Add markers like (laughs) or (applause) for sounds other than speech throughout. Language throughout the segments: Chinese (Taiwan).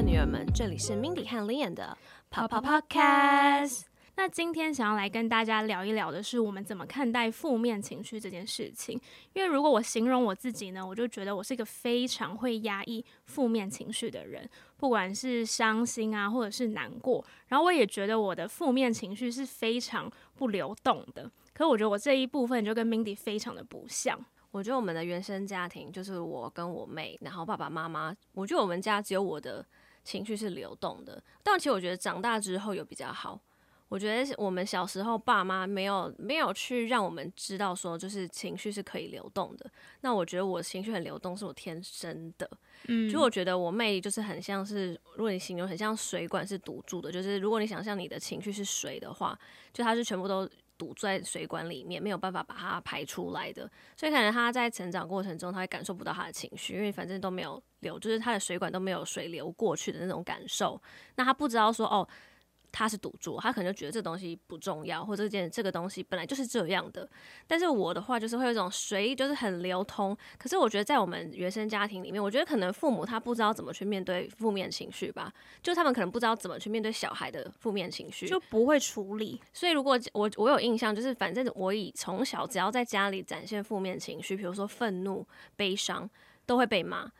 女兒們，這裡是 Mindy 和 Lianne 的泡泡 Podcast。那今天想要來跟大家聊一聊的是，我們怎麼看待負面情緒這件事情。因為如果我形容我自己呢，我就覺得我是一個非常會壓抑負面情緒的人，不管是傷心啊，或者是難過。然後我也覺得我的負面情緒是非常不流動的。可是我覺得我這一部分就跟 Mindy 非常的不像。我覺得我們的原生家庭，就是我跟我妹，然後爸爸媽媽。我覺得我們家只有我的。情緒是流動的，但其實我覺得長大之後有比較好。我覺得我們小時候爸媽沒有沒有去讓我們知道說，就是情緒是可以流動的。那我覺得我情緒很流動是我天生的。嗯，就我覺得我妹就是很像是，如果你形容很像水管是堵住的，就是如果你想象你的情緒是水的話，就它是全部都。堵在水管裡面，沒有辦法把它排出來的，所以可能他在成長過程中，他也感受不到他的情緒，因為反正都沒有流，就是他的水管都沒有水流過去的那種感受，那他不知道說哦。他是賭注，他可能就覺得這個東西不重要，或者這件這個東西本來就是這樣的。但是我的話就是會有一種隨意，就是很流通。可是我覺得在我們原生家庭裡面，我覺得可能父母他不知道怎麼去面對負面情緒吧，就他們可能不知道怎麼去面對小孩的負面情緒，就不會處理。所以如果我，我有印象，就是反正我以從小只要在家裡展現負面情緒，比如說憤怒、悲傷，都會被罵，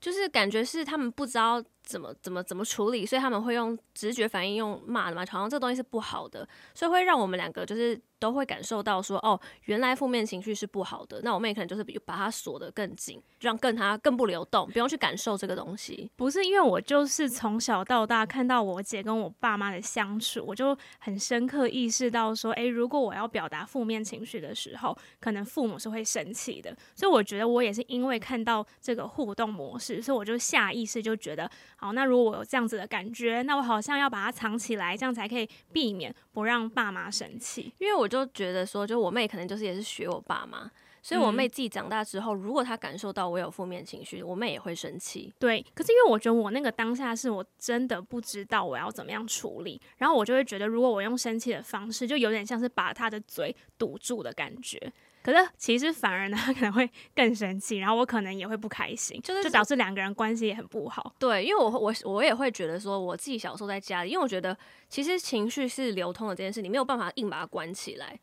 就是感覺是他們不知道，怎麼怎麼怎麼處理？所以他們會用直覺反應，用罵的嘛，好像這東西是不好的，所以會讓我們兩個就是都會感受到說，哦，原來負面情緒是不好的。那我妹可能就是比把它鎖得更緊，讓更它更不流動，不用去感受這個東西。不是因為我就是從小到大看到我姐跟我爸媽的相處，我就很深刻意識到說，哎、欸，如果我要表達負面情緒的時候，可能父母是會生氣的。所以我覺得我也是因為看到這個互動模式，所以我就下意識就覺得。好，那如果我有這樣子的感覺，那我好像要把它藏起來，這樣才可以避免不讓爸媽生氣。因為我就覺得說，就我妹可能就是也是學我爸媽，所以我妹自己長大之後，嗯，如果她感受到我有負面情緒，我妹也會生氣。對，可是因為我覺得我那個當下是我真的不知道我要怎麼樣處理，然後我就會覺得，如果我用生氣的方式，就有點像是把她的嘴堵住的感覺。可是其實反而呢，他可能會更生氣，然後我可能也會不開心，就是就導致兩個人關係也很不好。對，因為我我我也會覺得說，我自己小時候在家裡，因為我覺得其實情緒是流通的這件事，你沒有辦法硬把它關起來。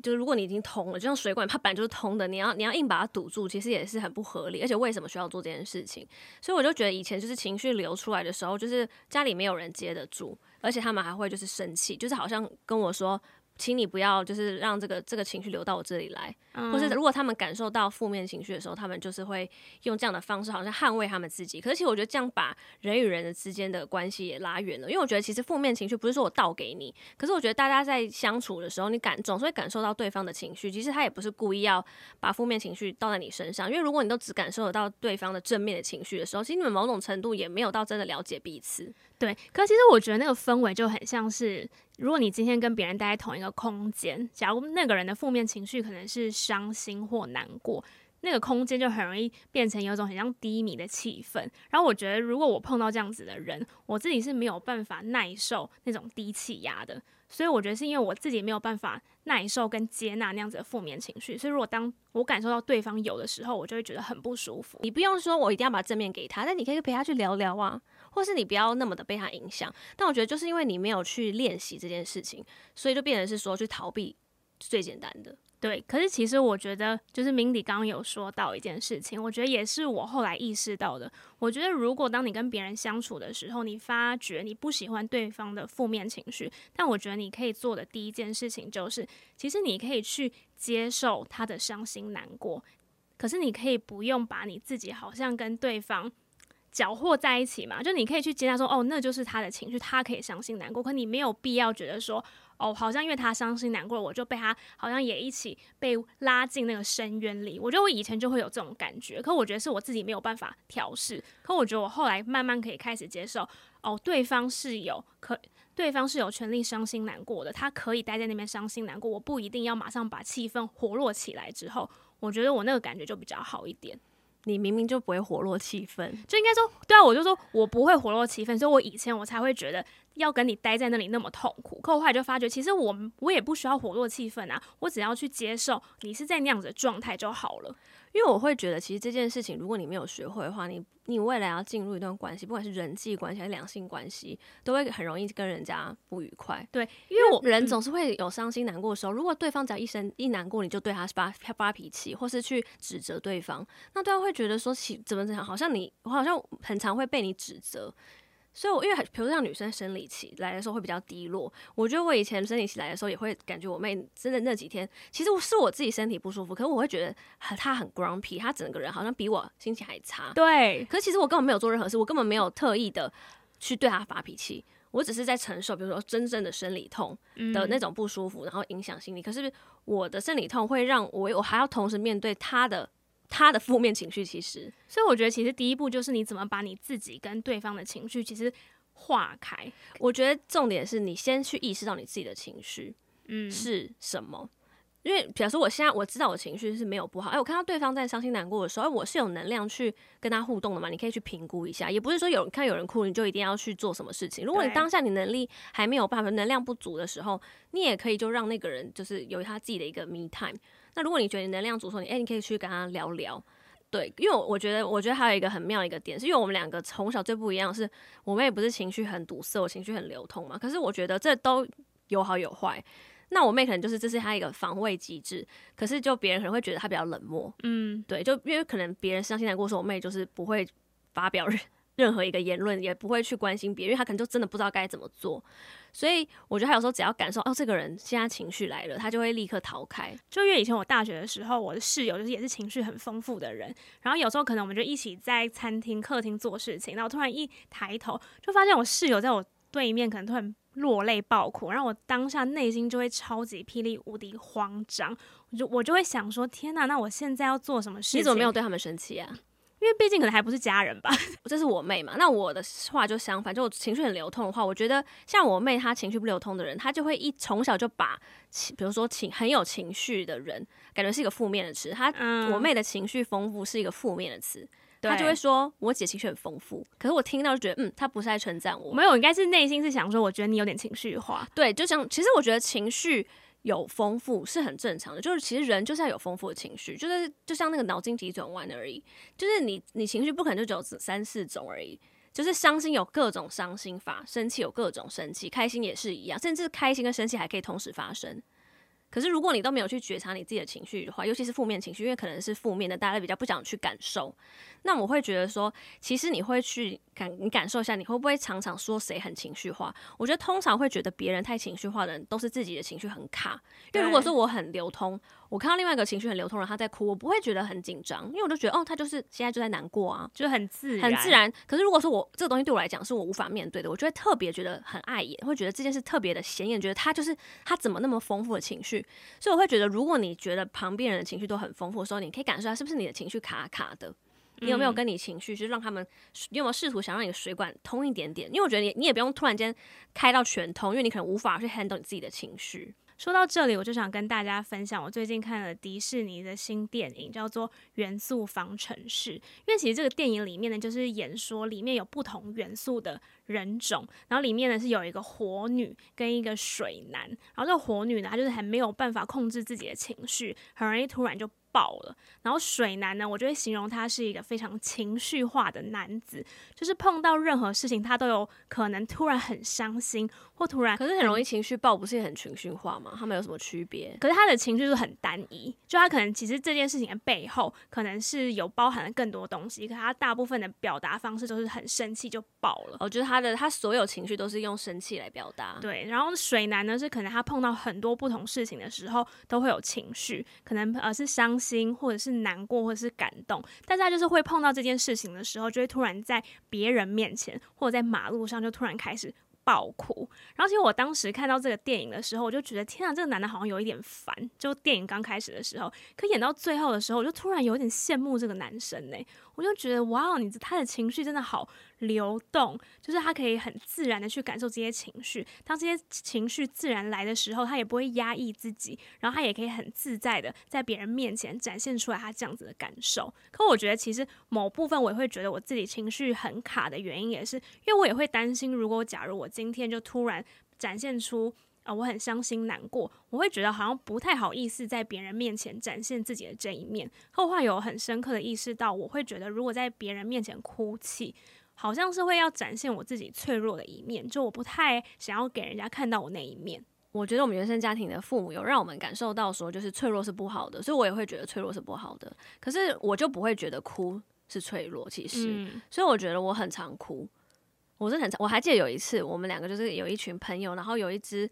就是如果你已經通了，就像水管，它本來就是通的，你要你要硬把它堵住，其實也是很不合理。而且為什麼需要做這件事情？所以我就覺得以前就是情緒流出來的時候，就是家裡沒有人接得住，而且他們還會就是生氣，就是好像跟我說。請你不要，就是讓這個這個情緒流到我這裡來，嗯、或是如果他們感受到負面情緒的時候，他們就是會用這樣的方式，好像捍衛他們自己。可是，其實我覺得這樣把人與人之間的關係也拉遠了，因為我覺得其實負面情緒不是說我倒給你，可是我覺得大家在相處的時候，你感總是會感受到對方的情緒，其實他也不是故意要把負面情緒倒在你身上，因為如果你都只感受得到對方的正面的情緒的時候，其實你們某種程度也沒有到真的了解彼此。對，可是其實我覺得那個氛圍就很像是。如果你今天跟別人待在同一個空間，假如那個人的負面情緒可能是傷心或難過，那個空間就很容易變成有一種很像低迷的氣氛。然後我覺得，如果我碰到這樣子的人，我自己是沒有辦法耐受那種低氣壓的。所以我覺得是因為我自己沒有辦法耐受跟接納那樣子的負面情緒，所以如果當我感受到對方有的時候，我就會覺得很不舒服。你不用說我一定要把正面給他，但你可以陪他去聊聊啊。或是你不要那麼的被他影響，但我覺得就是因為你沒有去練習這件事情，所以就變成是說去逃避最簡單的。對，可是其實我覺得就是 Mindy 剛剛有說到一件事情，我覺得也是我後來意識到的。我覺得如果當你跟別人相處的時候，你發覺你不喜歡對方的負面情緒，但我覺得你可以做的第一件事情就是，其實你可以去接受他的傷心難過，可是你可以不用把你自己好像跟對方，攪和在一起嘛，就你可以去接納說，哦，那就是他的情緒，他可以傷心難過，可你沒有必要覺得說，哦，好像因為他傷心難過了，我就被他好像也一起被拉進那個深淵裡。我覺得我以前就會有這種感覺，可我覺得是我自己沒有辦法調適，可我覺得我後來慢慢可以開始接受，哦，對方是有可，對方是有權利傷心難過的，他可以待在那邊傷心難過，我不一定要馬上把氣氛活絡起來之後，我覺得我那個感覺就比較好一點。你明明就不會活絡氣氛，就應該說對啊，我就說我不會活絡氣氛，所以我以前我才會覺得要跟你待在那裡那麼痛苦。可我後來就發覺，其實我我也不需要活絡氣氛啊，我只要去接受你是在那樣子的狀態就好了。因為我會覺得，其實這件事情，如果你沒有學會的話，你你未來要進入一段關係，不管是人際關係還是兩性關係，都會很容易跟人家不愉快。對，因為我、嗯、人總是會有傷心難過的時候，如果對方只要一生一難過，你就對他發發脾氣，或是去指責對方，那對方、啊、會覺得說起，怎怎麼怎樣，好像你好像很常會被你指責。所以，我因為比如像女生生理期來的時候會比較低落。我覺得我以前生理期來的時候也會感覺我妹真的那幾天，其實我是我自己身體不舒服，可是我會覺得她很 grumpy，她整個人好像比我心情還差。對。可是其實我根本沒有做任何事，我根本沒有特意的去對她發脾氣，我只是在承受，比如說真正的生理痛的那種不舒服，然後影響心理。可是我的生理痛會讓我，我還要同時面對她的。他的負面情緒其實，所以我覺得其實第一步就是你怎麼把你自己跟對方的情緒其實化開。我覺得重點是你先去意識到你自己的情緒嗯，是什麼，因為比如說我現在我知道我情緒是沒有不好，誒，我看到對方在傷心難過的時候，我是有能量去跟他互動的嘛？你可以去評估一下，也不是說有人看有人哭你就一定要去做什麼事情。如果你當下你能力還沒有辦法，能量不足的時候，你也可以就讓那個人就是有他自己的一個 me time。那如果你覺得你能量阻塞，你誒、欸、你可以去跟他聊聊，對，因為我覺得，我覺得還有一個很妙一個點，是因為我們兩個從小最不一樣是，是我妹不是情緒很堵塞，我情緒很流通嘛。可是我覺得這都有好有壞，那我妹可能就是這是她一個防衛機制，可是就別人可能會覺得她比較冷漠，嗯，對，就因為可能別人傷心難過，說，我妹就是不會發表任何一個言論，也不會去關心別人。因為他可能就真的不知道該怎麼做，所以我覺得他有時候只要感受哦，這個人現在情緒來了，他就會立刻逃開。就因為以前我大學的時候，我的室友就是也是情緒很豐富的人，然後有時候可能我們就一起在餐廳、客廳做事情，那我突然一抬頭就發現我室友在我對面，可能突然落淚爆哭，然後我當下內心就會超級霹靂無敵慌張，我就我就會想說：天吶，啊，那我現在要做什麼事情？你怎麼沒有對他們生氣啊？因為畢竟可能還不是家人吧，這是我妹嘛。那我的話就相反，就我情緒很流通的話，我覺得像我妹她情緒不流通的人，她就會一從小就把情，比如說情很有情緒的人，感覺是一個負面的詞。她、嗯、我妹的情緒豐富是一個負面的詞，對她就會說我姐情緒很豐富，可是我聽到就覺得嗯，她不是在稱讚我，沒有，應該是內心是想說，我覺得你有點情緒化。對，就像其實我覺得情緒。有豐富是很正常的，就是其實人就是要有豐富的情緒，就是就像那個腦筋急轉彎而已，就是你你情緒不可能就只有三四種而已，就是傷心有各種傷心法，生氣有各種生氣，開心也是一樣，甚至開心跟生氣還可以同時發生。可是，如果你都沒有去覺察你自己的情緒的話，尤其是負面情緒，因為可能是負面的，大家比較不想去感受。那我會覺得說，其實你會去感，你感受一下，你會不會常常說誰很情緒化？我覺得通常會覺得別人太情緒化的人，都是自己的情緒很卡。對因為如果說我很流通。我看到另外一個情緒很流通的人，他在哭，我不會覺得很緊張，因為我就覺得，哦，他就是現在就在難過啊，就很自然很自然。可是如果說我這個東西對我來講是我無法面對的，我就會特別覺得很礙眼，會覺得這件事特別的顯眼，覺得他就是他怎麼那麼豐富的情緒，所以我會覺得，如果你覺得旁邊人的情緒都很豐富的時候，你可以感受下是不是你的情緒卡卡的，你有沒有跟你情緒就是讓他們，你有沒有試圖想讓你的水管通一點點？因為我覺得你你也不用突然間開到全通，因為你可能無法去 handle 你自己的情緒。說到這裡，我就想跟大家分享我最近看了迪士尼的新電影，叫做《元素方程式》。因為其實這個電影裡面呢，就是演說裡面有不同元素的人種，然後裡面呢是有一個火女跟一個水男，然後這個火女呢，她就是還沒有辦法控制自己的情緒，很容易突然就爆了，然後水男呢，我就會形容他是一個非常情緒化的男子，就是碰到任何事情，他都有可能突然很傷心，或突然。可是很容易情緒爆，不是也很情緒化嗎？他們有什麼區別？可是他的情緒是很單一，就他可能其實這件事情的背後，可能是有包含了更多東西，可他大部分的表達方式都是很生氣就爆了。我覺得他的他所有情緒都是用生氣來表達。對，然後水男呢是可能他碰到很多不同事情的時候，都會有情緒，可能而、呃、是傷心。心，或者是難過，或者是感動，但是他就是會碰到這件事情的時候，就會突然在別人面前，或者在馬路上就突然開始爆哭。然後，其實我當時看到這個電影的時候，我就覺得天啊，這個男的好像有一點煩。就電影剛開始的時候，可演到最後的時候，我就突然有點羨慕這個男生呢、欸。我就覺得哇，你他的情緒真的好，流動就是他可以很自然的去感受這些情緒，當這些情緒自然來的時候，他也不會壓抑自己，然後他也可以很自在的在別人面前展現出來他這樣子的感受。可我覺得其實某部分我也會覺得我自己情緒很卡的原因，也是因為我也會擔心，如果假如我今天就突然展現出啊、呃、我很傷心難過，我會覺得好像不太好意思在別人面前展現自己的這一面。後話有很深刻的意識到，我會覺得如果在別人面前哭泣。好像是會要展現我自己脆弱的一面，就我不太想要給人家看到我那一面。我覺得我們原生家庭的父母有讓我們感受到說，就是脆弱是不好的，所以我也會覺得脆弱是不好的。可是我就不會覺得哭是脆弱，其實。嗯、所以我覺得我很常哭，我是很常。我還記得有一次，我們兩個就是有一群朋友，然後有一隻，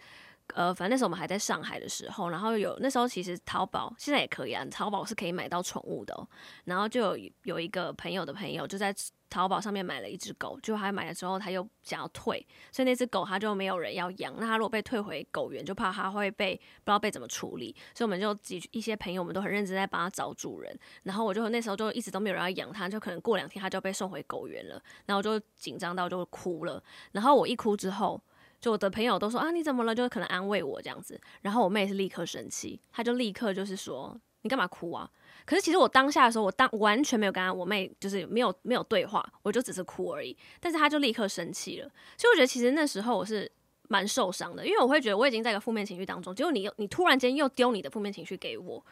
呃，反正那時候我們還在上海的時候，然後有那時候其實淘寶現在也可以啊，淘寶是可以買到寵物的喔，然後就有，有一個朋友的朋友就在。淘寶上面買了一隻狗，就他買了之後，他又想要退，所以那隻狗他就沒有人要養。那他如果被退回狗園，就怕他會被不知道被怎麼處理，所以我們就幾一些朋友，我們都很認真在幫他找主人。然後我就那時候就一直都沒有人要養它，就可能過兩天它就被送回狗園了，然後我就緊張到就哭了。然後我一哭之後，就我的朋友都說啊，你怎麼了？就可能安慰我這樣子。然後我妹是立刻生氣，她就立刻就是說。你幹嘛哭啊？可是其實我當下的時候，我當完全沒有跟他。我妹，就是沒有沒有對話，我就只是哭而已。但是她就立刻生氣了，所以我覺得其實那時候我是蠻受傷的，因為我會覺得我已經在一個負面情緒當中，結果你你突然間又丟你的負面情緒給我，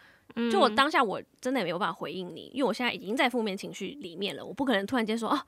就我當下我真的也沒有辦法回應你，因為我現在已經在負面情緒裡面了，我不可能突然間說哦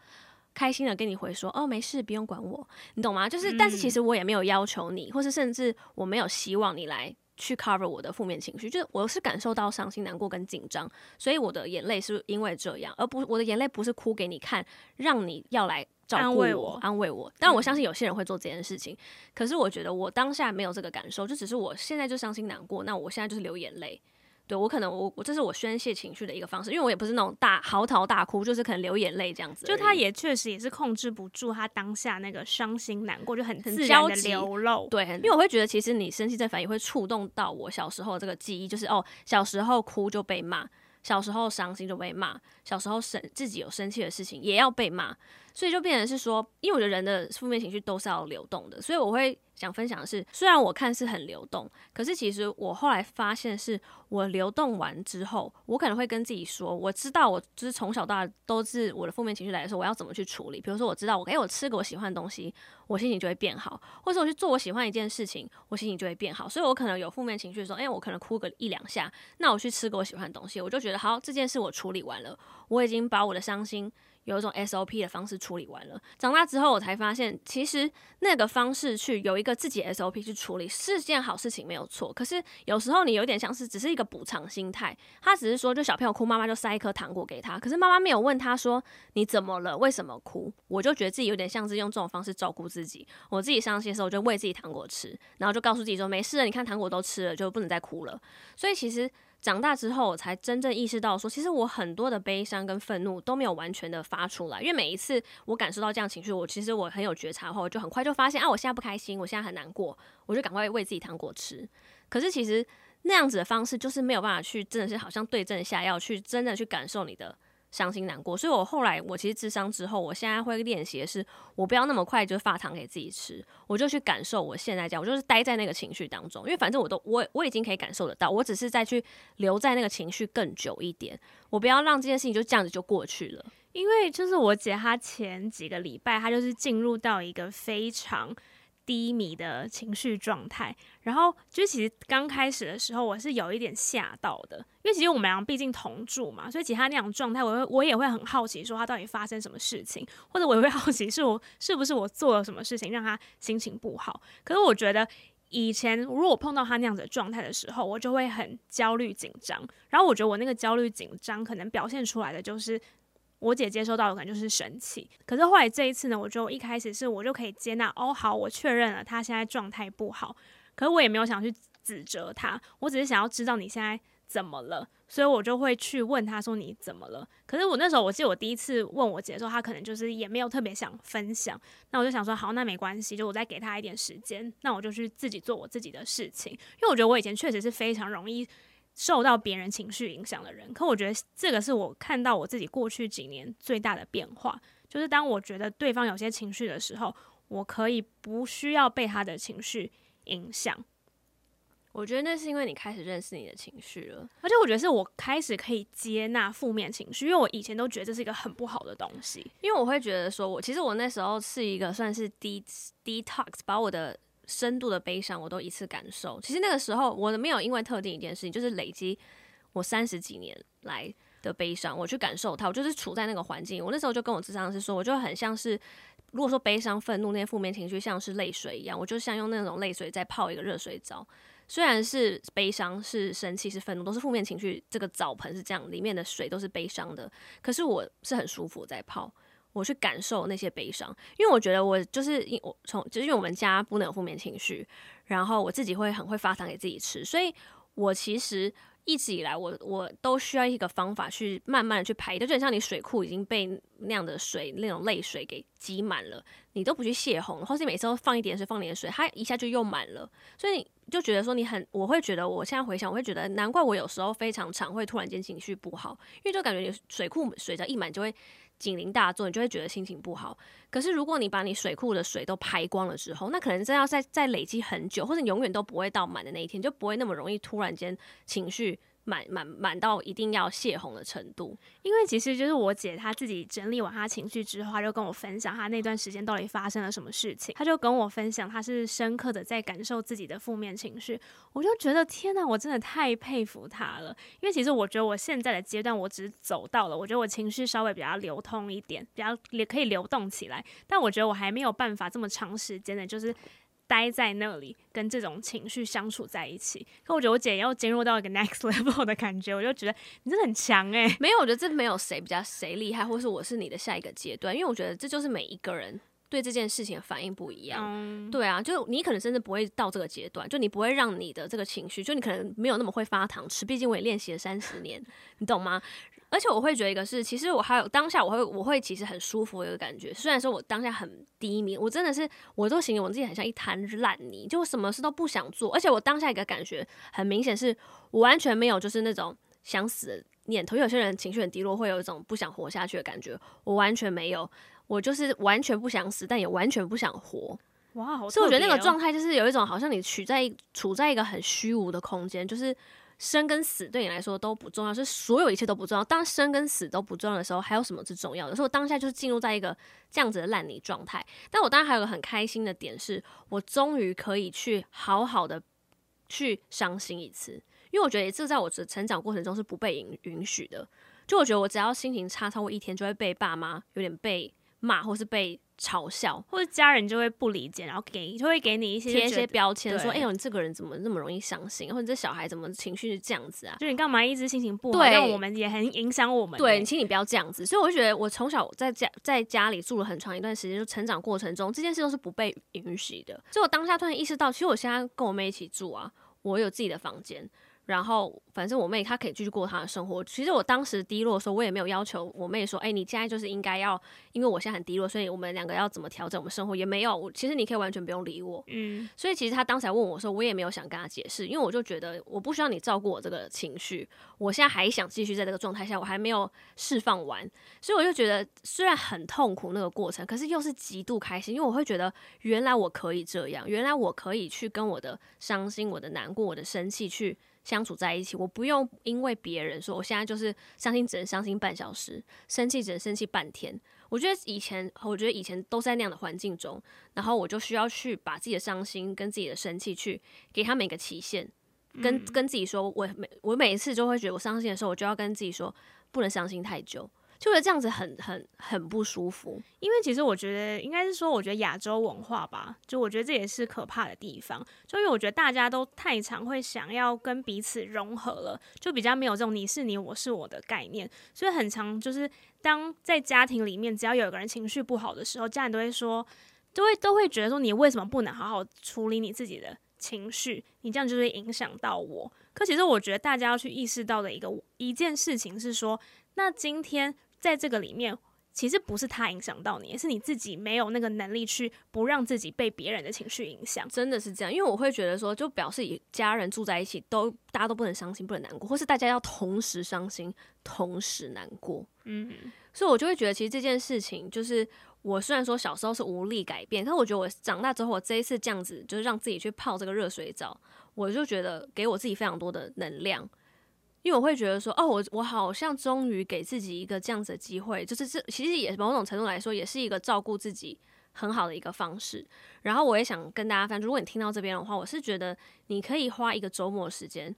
開心的跟你回說哦沒事不用管我，你懂嗎？就是但是其實我也沒有要求你，或是甚至我沒有希望你來去 cover 我的負面情緒，就是我是感受到傷心、難過跟緊張，所以我的眼淚是因為這樣，而不我的眼淚不是哭給你看，讓你要來照顧我、安慰我，安慰我。但我相信有些人會做這件事情，嗯，可是我覺得我當下沒有這個感受，就只是我現在就傷心難過，那我現在就是流眼淚。對，我可能我，這是我宣洩情緒的一個方式，因為我也不是那種大嚎啕大哭，就是可能流眼淚這樣子。就他也確實也是控制不住他當下那個傷心難過，就很自然流露，很焦急。對，很，因為我會覺得，其實你生氣這反應會觸動到我小時候這個記憶，就是哦，小時候哭就被罵，小時候傷心就被罵，小時候生自己有生氣的事情也要被罵。所以就變成是說，因為我覺得人的負面情緒都是要流動的，所以我會想分享的是，雖然我看是很流動，可是其實我後來發現是，我流動完之後，我可能會跟自己說，我知道我就是從小到大都是我的負面情緒來的時候，我要怎麼去處理。比如說我知道我，我、欸、誒，我吃個我喜歡的東西，我心情就會變好，或是我去做我喜歡一件事情，我心情就會變好。所以我可能有負面情緒的時候，誒、欸，我可能哭個一兩下，那我去吃個我喜歡的東西，我就覺得好，這件事我處理完了，我已經把我的傷心。有一種 SOP 的方式處理完了，長大之後我才發現，其實那個方式去有一個自己 SOP 去處理是件好事情，沒有錯。可是有時候你有點像是只是一個補償心態，他只是說就小朋友哭，媽媽就塞一顆糖果給他，可是媽媽沒有問他說你怎麼了，為什麼哭？我就覺得自己有點像是用這種方式照顧自己，我自己傷心的時候我就餵自己糖果吃，然後就告訴自己說沒事了，你看糖果都吃了，就不能再哭了。所以其實，長大之後，我才真正意識到說其實我很多的悲傷跟憤怒都沒有完全的發出來，因為每一次我感受到這樣情緒，我其實我很有覺察的話，我就很快就發現，啊，我現在不開心，我現在很難過，我就趕快餵自己糖果吃。可是其實那樣子的方式，就是沒有辦法去，真的是好像對症下藥，去真的去感受你的。傷心難過，所以我後來我其實諮商之後，我現在會練習的是，我不要那麼快就發糖給自己吃，我就去感受我現在這樣，我就是待在那個情緒當中，因為反正我都我我已經可以感受得到，我只是再去留在那個情緒更久一點，我不要讓這件事情就這樣子就過去了，因為就是我姐她前幾個禮拜她就是進入到一個非常。低迷的情緒狀態，然後就其實剛開始的時候，我是有一點嚇到的，因為其實我們倆畢竟同住嘛，所以其他那種狀態我，我會我也會很好奇，說他到底發生什麼事情，或者我也會好奇是我是不是我做了什麼事情讓他心情不好。可是我覺得以前如果我碰到他那樣子的狀態的時候，我就會很焦慮緊張，然後我覺得我那個焦慮緊張可能表現出來的就是。我姐接收到的可能就是生氣，可是後來這一次呢，我就一開始是我就可以接納，哦，好，我確認了他現在狀態不好，可是我也沒有想去指責他，我只是想要知道你現在怎麼了，所以我就會去問他說你怎麼了。可是我那時候，我記得我第一次問我姐的時候，她可能就是也沒有特別想分享，那我就想說，好，那沒關係，就我再給他一點時間，那我就去自己做我自己的事情，因為我覺得我以前確實是非常容易。受到別人情緒影響的人，可我覺得這個是我看到我自己過去幾年最大的變化，就是當我覺得對方有些情緒的時候，我可以不需要被他的情緒影響。我覺得那是因為你開始認識你的情緒了，而且我覺得是我開始可以接納負面情緒，因為我以前都覺得這是一個很不好的東西，因為我會覺得說我其實我那時候是一個算是 det detox 把我的。深度的悲傷，我都一次感受。其實那個時候，我沒有因為特定一件事情，就是累積我三十幾年來的悲傷，我去感受它。我就是處在那個環境。我那時候就跟我諮商是說，我就很像是，如果說悲傷、憤怒那些負面情緒，像是淚水一樣，我就像用那種淚水在泡一個熱水澡。雖然是悲傷、是生氣、是憤怒，都是負面情緒，這個澡盆是這樣，裡面的水都是悲傷的，可是我是很舒服在泡。我去感受那些悲傷，因為我覺得我就是因我從只是因為我們家不能有負面情緒，然後我自己會很會發糖給自己吃，所以我其實一直以來我我都需要一個方法去慢慢去排，就像你水庫已經被那樣的水那種淚水給擠滿了，你都不去泄洪，或是你每次都放一點水，放點水，它一下就又滿了，所以就覺得說你很，我會覺得我現在回想，我會覺得難怪我有時候非常常會突然間情緒不好，因為就感覺你水庫水在一滿就會。警鈴大作，你就會覺得心情不好。可是如果你把你水庫的水都排光了之後，那可能真的要再再累積很久，或者你永遠都不會到滿的那一天，就不會那麼容易突然間情緒。滿滿滿到一定要洩洪的程度，因為其實就是我姐她自己整理完她情緒之後，她就跟我分享她那段時間到底發生了什麼事情。她就跟我分享，她是深刻的在感受自己的負面情緒。我就覺得天哪，我真的太佩服她了。因為其實我覺得我現在的階段，我只是走到了，我覺得我情緒稍微比較流通一點，比較也可以流動起來。但我覺得我還沒有辦法這麼長時間的，就是，待在那裡跟這種情緒相處在一起，可我覺得我姐又進入到一個 next level 的感覺，我就覺得你真的很強誒、欸。沒有，我覺得這沒有誰比較誰厲害，或是我是你的下一個階段，因為我覺得這就是每一個人對這件事情的反應不一樣。嗯、對啊，就你可能甚至不會到這個階段，就你不會讓你的這個情緒，就你可能沒有那麼會發糖吃，畢竟我也練習了三十年， (laughs) 你懂嗎？而且我會覺得一個是，是其實我還有當下，我會我會其實很舒服的一個感覺。雖然說我當下很低迷，我真的是我都形容我自己很像一灘爛泥，就什麼事都不想做。而且我當下一個感覺很明顯是，是我完全沒有就是那種想死念頭。有些人情緒很低落，會有一種不想活下去的感覺。我完全沒有，我就是完全不想死，但也完全不想活。哇，哦，所以我覺得那個狀態就是有一種好像你處在處在一個很虛無的空間，就是。生跟死對你來說都不重要，是所有一切都不重要。當生跟死都不重要的時候，還有什麼是重要的？所以我當下就是進入在一個這樣子的爛泥狀態。但我當時還有一個很開心的點是，我終於可以去好好的去傷心一次，因為我覺得這在我的成長過程中是不被允允許的。就我覺得我只要心情差超過一天，就會被爸媽有點被罵，或是被嘲笑，或者家人就會不理解，然後給就會給你一些貼一些標籤，說：“對哎呦，你這個人怎麼那麼容易傷心？或者這小孩怎麼情緒是這樣子啊？就你幹嘛一直心情不好？讓對我們也很影響我們。對，請你不要這樣子。所以我就覺得，我從小在家在家裡住了很長一段時間，就成長過程中，這件事都是不被允許的。所以我當下突然意識到，其實我現在跟我妹一起住啊，我有自己的房間。”然後，反正我妹她可以繼續過她的生活。其實我當時低落的時候，我也沒有要求我妹說：“欸，你現在就是應該要，因為我現在很低落，所以我們兩個要怎麼調整我們生活也沒有。”我其實你可以完全不用理我，嗯。所以其實她當時還問我說：“我也沒有想跟她解釋，因為我就覺得我不需要你照顧我這個情緒。我現在還想繼續在這個狀態下，我還沒有釋放完，所以我就覺得雖然很痛苦那個過程，可是又是極度開心，因為我會覺得原來我可以這樣，原來我可以去跟我的傷心、我的難過、我的生氣去。”相處在一起，我不用因為別人說我現在就是傷心，只能傷心半小時，生氣只能生氣半天。我覺得以前，我覺得以前都在那樣的環境中，然後我就需要去把自己的傷心跟自己的生氣去給他們一個期限，跟跟自己說，我每我每一次就會覺得我傷心的時候，我就要跟自己說，不能傷心太久。就會這樣子很，很很很不舒服。因為其實我覺得，應該是說，我覺得亞洲文化吧，就我覺得這也是可怕的地方。就因為我覺得大家都太常會想要跟彼此融合了，就比較沒有這種你是你，我是我的概念。所以很常就是當在家庭裡面，只要有一個人情緒不好的時候，家人都會說，都會都會覺得說，你為什麼不能好好處理你自己的情緒？你這樣就會影響到我。可其實我覺得，大家要去意識到的一個一件事情是說，那今天。在這個裡面，其實不是他影響到你，是你自己沒有那個能力去不讓自己被別人的情緒影響，真的是這樣。因為我會覺得說，就表示一家人住在一起，都大家都不能傷心，不能難過，或是大家要同時傷心，同時難過。嗯哼，所以我就會覺得，其實這件事情就是我雖然說小時候是無力改變，但我覺得我長大之後，我這一次這樣子就是讓自己去泡這個熱水澡，我就覺得給我自己非常多的能量。因為我會覺得說，哦，我我好像終於給自己一個這樣子的機會，就是這其實也某種程度來說，也是一個照顧自己很好的一個方式。然後我也想跟大家分享，如果你聽到這邊的話，我是覺得你可以花一個周末時間，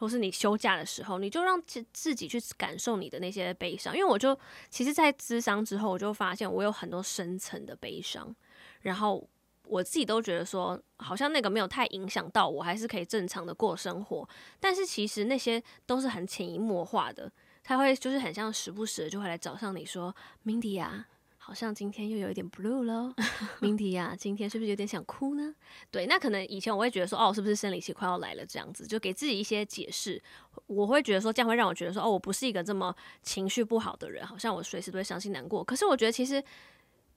或是你休假的時候，你就讓自自己去感受你的那些悲傷。因為我就其實，在諮商之後，我就發現我有很多深層的悲傷，然後。我自己都覺得說，好像那個沒有太影響到我，還是可以正常的過生活。但是其實那些都是很潛移默化的，他會就是很像時不時就會來找上你說，Mindy 呀、啊，好像今天又有一點 blue 咯， (laughs) Mindy 呀、啊，今天是不是有點想哭呢？ (laughs) 對，那可能以前我會覺得說，哦，是不是生理期快要來了這樣子，就給自己一些解釋。我會覺得說，這樣會讓我覺得說，哦，我不是一個這麼情緒不好的人，好像我隨時都會傷心難過。可是我覺得其實。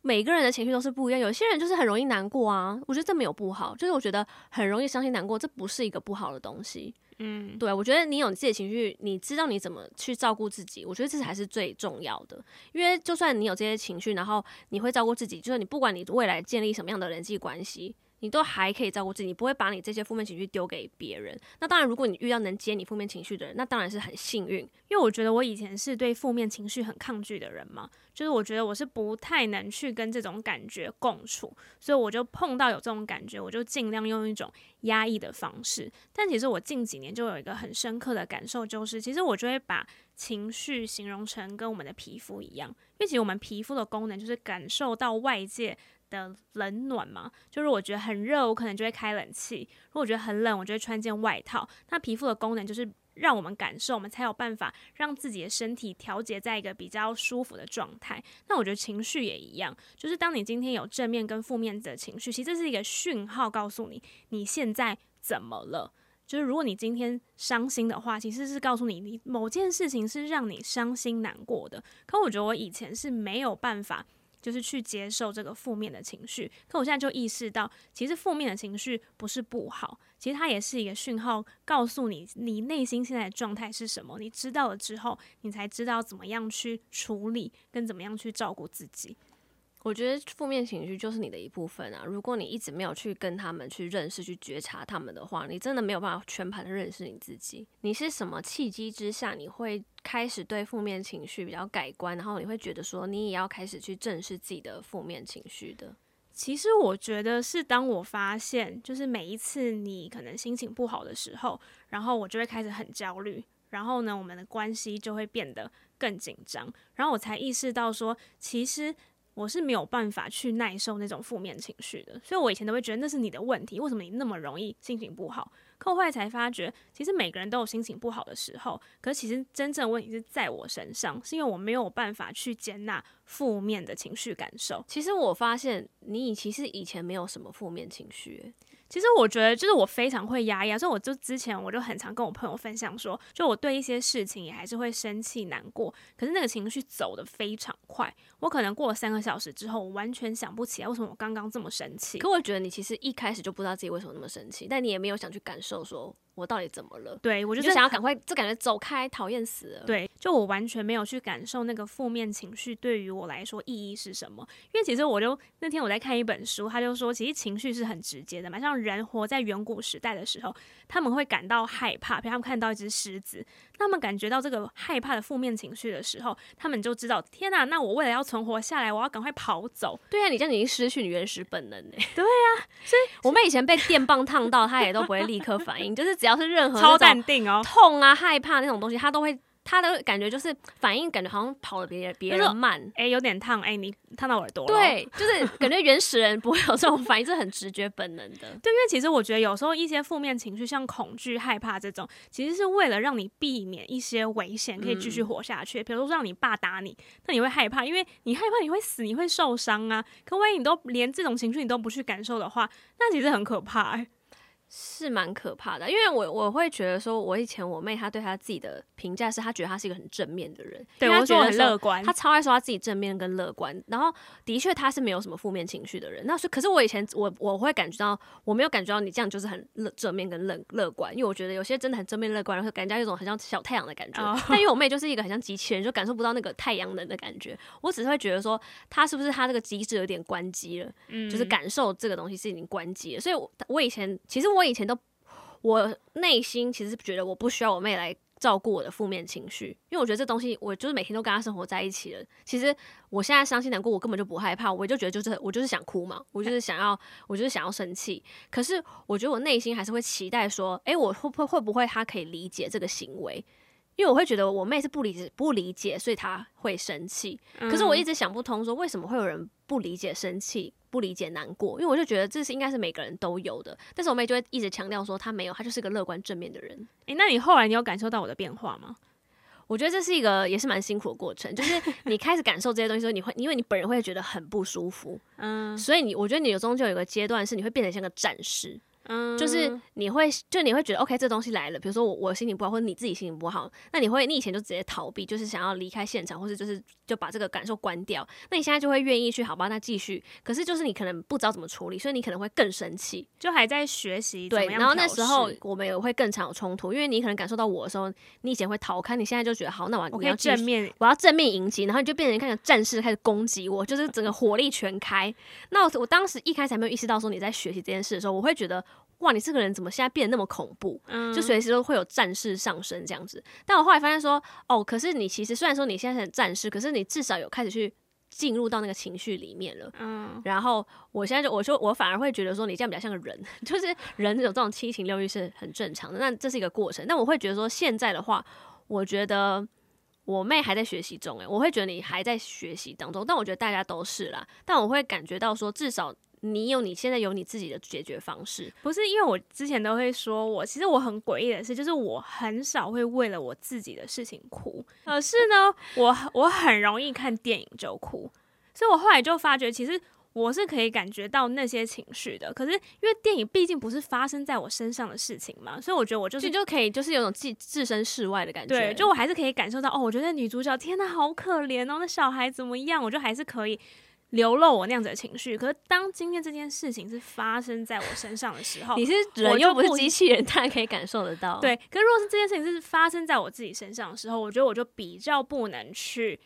每個人的情緒都是不一樣，有些人就是很容易難過啊，我覺得這沒有不好，就是我覺得很容易傷心難過，這不是一個不好的東西，嗯，對，我覺得你有自己的情緒，你知道你怎麼去照顧自己，我覺得這才是最重要的，因為就算你有這些情緒，然後你會照顧自己，就是你不管你未來建立什麼樣的人際關係。你都還可以照顧自己，你不會把你這些負面情緒丟給別人。那當然，如果你遇到能接你負面情緒的人，那當然是很幸運。因為我覺得我以前是對負面情緒很抗拒的人嘛，就是我覺得我是不太能去跟這種感覺共處，所以我就碰到有這種感覺，我就盡量用一種壓抑的方式。但其實我近幾年就有一個很深刻的感受，就是其實我就會把情緒形容成跟我們的皮膚一樣，因為其實我們皮膚的功能就是感受到外界的冷暖嘛，就是我覺得很熱，我可能就會開冷氣；如果我覺得很冷，我就會穿件外套。那皮膚的功能就是讓我們感受，我們才有辦法讓自己的身體調節在一個比較舒服的狀態。那我覺得情緒也一樣，就是當你今天有正面跟負面的情緒，其實這是一個訊號，告訴你你現在怎麼了。就是如果你今天傷心的話，其實是告訴你你某件事情是讓你傷心難過的。可我覺得我以前是沒有辦法。就是去接受這個負面的情緒，可我現在就意識到，其實負面的情緒不是不好，其實它也是一個訊號，告訴你你內心現在的狀態是什麼。你知道了之後，你才知道怎麼樣去處理，跟怎麼樣去照顧自己。我覺得負面情緒就是你的一部分啊！如果你一直沒有去跟他們去認識、去覺察他們的話，你真的沒有辦法全盤的認識你自己。你是什麼契機之下，你會開始對負面情緒比較改觀？然後你會覺得說，你也要開始去正視自己的負面情緒的。其實我覺得是當我發現，就是每一次你可能心情不好的時候，然後我就會開始很焦慮，然後呢，我們的關係就會變得更緊張，然後我才意識到說，其實。我是沒有辦法去耐受那種負面情緒的，所以我以前都會覺得那是你的問題，為什麼你那麼容易心情不好？後來才發覺，其實每個人都有心情不好的時候，可是其實真正的問題是在我身上，是因為我沒有辦法去接納負面的情緒感受。其實我發現你以其實以前沒有什麼負面情緒欸。其實我覺得，就是我非常會壓抑啊，所以我就之前我就很常跟我朋友分享說，就我對一些事情也還是會生氣、難過，可是那個情緒走得非常快，我可能過了三個小時之後，我完全想不起來為什麼我剛剛這麼生氣。可我覺得你其實一開始就不知道自己為什麼那麼生氣，但你也沒有想去感受說。我到底怎麼了？對，我就是，就想要趕快，就感覺走開，討厭死了。對，就我完全沒有去感受那個負面情緒對於我來說意義是什麼。因為其實我就那天我在看一本書，他就說，其實情緒是很直接的嘛。像人活在遠古時代的時候，他們會感到害怕，比如他們看到一隻獅子，他們感覺到這個害怕的負面情緒的時候，他們就知道，天哪，那我為了要存活下來，我要趕快跑走。對啊，你這樣已經失去你原始本能欸。對啊，所以我妹以前被電棒燙到，她也都不會立刻反應， (laughs) 就是。只要是任何超淡定哦，痛啊、害怕那種東西，他、哦、都會，他的感覺就是反應，感覺好像跑的比別人慢。哎、欸，有點燙，哎、欸，你燙到我耳朵。對，就是感覺原始人不會有這種反應， (laughs) 是很直覺本能的。對，因為其實我覺得有時候一些負面情緒，像恐懼、害怕這種，其實是為了讓你避免一些危險，可以繼續活下去。比、嗯、如說讓你爸打你，那你會害怕，因為你害怕你會死，你會受傷啊。可萬一你都連這種情緒你都不去感受的話，那其實很可怕、欸。是蠻可怕的，因為我我會覺得說，我以前我妹她對她自己的評價是，她覺得她是一個很正面的人，對，因為她覺得說，我覺得很樂觀，她超愛說她自己正面跟樂觀，然後的確她是沒有什麼負面情緒的人。那所以，可是我以前我我會感覺到，我沒有感覺到你這樣就是很正正面跟樂樂觀，因為我覺得有些真的很正面樂觀，然後給人家一種很像小太陽的感覺。Oh. 但因為我妹就是一個很像機器人，就感受不到那個太陽能的感覺。我只是會覺得說，她是不是她這個機制有點關機了？嗯，就是感受這個東西是已經關機了。所以我，我以前其實我。我以前都，我內心其實覺得我不需要我妹來照顧我的負面情緒，因為我覺得這東西我就是每天都跟她生活在一起了。其實我現在傷心難過，我根本就不害怕，我就覺得就是我就是想哭嘛，我就是想要我就是想要生氣。可是我覺得我內心還是會期待說，欸，我會不會會不會她可以理解這個行為？因為我會覺得我妹是不理解不理解，所以她會生氣。可是我一直想不通，說為什麼會有人不理解生氣？不理解、難過，因為我就覺得這是應該是每個人都有的。但是我妹就會一直強調說她沒有，她就是一個樂觀正面的人。誒、欸，那你後來你有感受到我的變化嗎？我覺得這是一個也是蠻辛苦的過程，就是你開始感受這些東西時候，你會 (laughs) 因為你本人會覺得很不舒服，嗯，所以你我覺得你有終究有一個階段是你會變得像個戰士。嗯、就是你會，就你會覺得，OK，這東西來了，比如說我我心情不好，或者你自己心情不好，那你會，你以前就直接逃避，就是想要離開現場，或是就是就把這個感受關掉。那你現在就會願意去，好吧，那繼續。可是就是你可能不知道怎麼處理，所以你可能會更生氣，就還在學習。對，然後那時候我們也會更常有衝突，因為你可能感受到我的時候，你以前會逃開，你現在就覺得好，那我要我要正面要，我要正面迎擊，然後你就變成一個戰士開始攻擊我，就是整個火力全開。 (laughs) 那我，我當時一開始還沒有意識到說你在學習這件事的時候，我會覺得。哇，你這個人怎麼現在變得那麼恐怖？嗯，就隨時都會有戰士上升這樣子。但我後來發現說，哦，可是你其實雖然說你現在很戰士，可是你至少有開始去進入到那個情緒裡面了。嗯，然後我現在就我說我反而會覺得說你這樣比較像個人，就是人有這種七情六欲是很正常的。那這是一個過程。但我會覺得說現在的話，我覺得我妹還在學習中、欸，誒，我會覺得你還在學習當中。但我覺得大家都是啦。但我會感覺到說，至少。你有你現在有你自己的解決方式，不是。因為我之前都會說我，我其實我很詭異的是，就是我很少會為了我自己的事情哭，可是呢， (laughs) 我我很容易看電影就哭，所以我後來就發覺，其實我是可以感覺到那些情緒的。可是因為電影畢竟不是發生在我身上的事情嘛，所以我覺得我就是、就就可以就是有種自己置身事外的感覺，對，就我還是可以感受到哦。我覺得女主角天哪，啊，好可憐哦，那小孩怎麼樣？我就還是可以。流露我那樣子的情緒，可是當今天這件事情是發生在我身上的時候， (laughs) 你是人又不，不是機器人，當然 (laughs) 可以感受得到。 (laughs) 對，可是如果是這件事情是發生在我自己身上的時候，我覺得我就比較不能去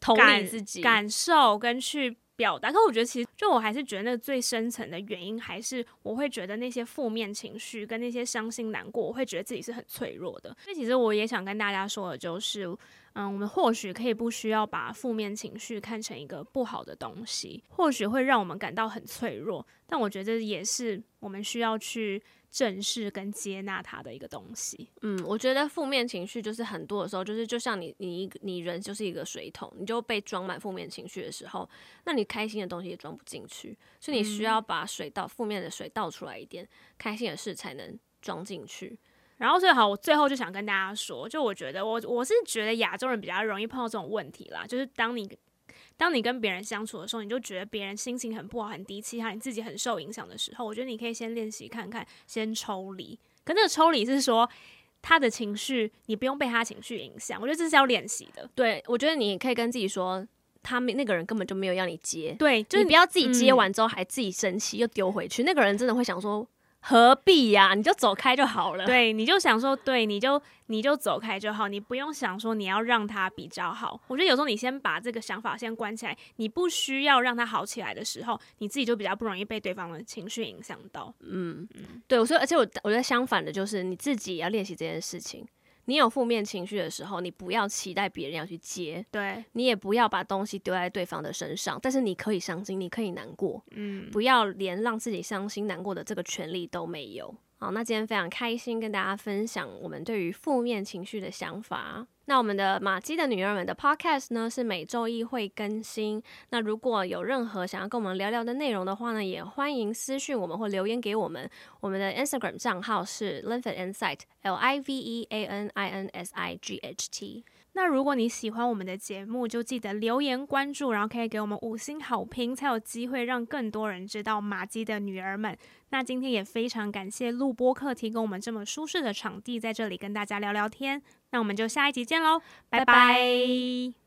同理自己感受跟去。表達，但我覺得其實就我還是覺得那最深層的原因，還是我會覺得那些負面情緒跟那些傷心難過，我會覺得自己是很脆弱的。那其實我也想跟大家說的就是，嗯，我們或許可以不需要把負面情緒看成一個不好的東西，或許會讓我們感到很脆弱，但我覺得也是我們需要去。正視跟接納他的一個東西，嗯，我覺得負面情緒就是很多的時候，就是就像你你你人就是一個水桶，你就被裝滿負面情緒的時候，那你開心的東西也裝不進去，所以你需要把水倒，負面的水倒出來一點，嗯、開心的事才能裝進去。然後最好，我最後就想跟大家說，就我覺得我我是覺得亞洲人比較容易碰到這種問題啦，就是當你。當你跟別人相處的時候，你就覺得別人心情很不好、很低氣哈，你自己很受影響的時候，我覺得你可以先練習看看，先抽離。可那個抽離是說，他的情緒你不用被他情緒影響。我覺得這是要練習的。對，我覺得你可以跟自己說，他那個人根本就沒有要你接。對，就是你，你不要自己接完之後還自己生氣又丟回去，嗯，那個人真的會想說。何必呀？啊？你就走開就好了。對，你就想說，對，你就你就走開就好，你不用想說你要讓他比較好。我覺得有時候你先把這個想法先關起來，你不需要讓他好起來的時候，你自己就比較不容易被對方的情緒影響到。嗯，對，我說，而且我我覺得相反的就是你自己也要練習這件事情。你有負面情緒的時候，你不要期待別人要去接，對你也不要把東西丟在對方的身上。但是你可以傷心，你可以難過，嗯，不要連讓自己傷心難過的這個權利都沒有。好，那今天非常開心跟大家分享我們對於負面情緒的想法。那我們的馬基的女兒們的 Podcast 呢是每周一會更新。那如果有任何想要跟我們聊聊的內容的話呢，也歡迎私訊我們或留言給我們。我們的 Instagram 賬號是 Live an Insight，L I V E A N I N S I G H T。那如果你喜歡我們的節目，就記得留言關注，然後可以給我們五星好評，才有機會讓更多人知道馬姬的女兒們。那今天也非常感謝錄播客提供我們這麼舒適的場地，在這裡跟大家聊聊天。那我們就下一集見嘍，拜拜。拜拜。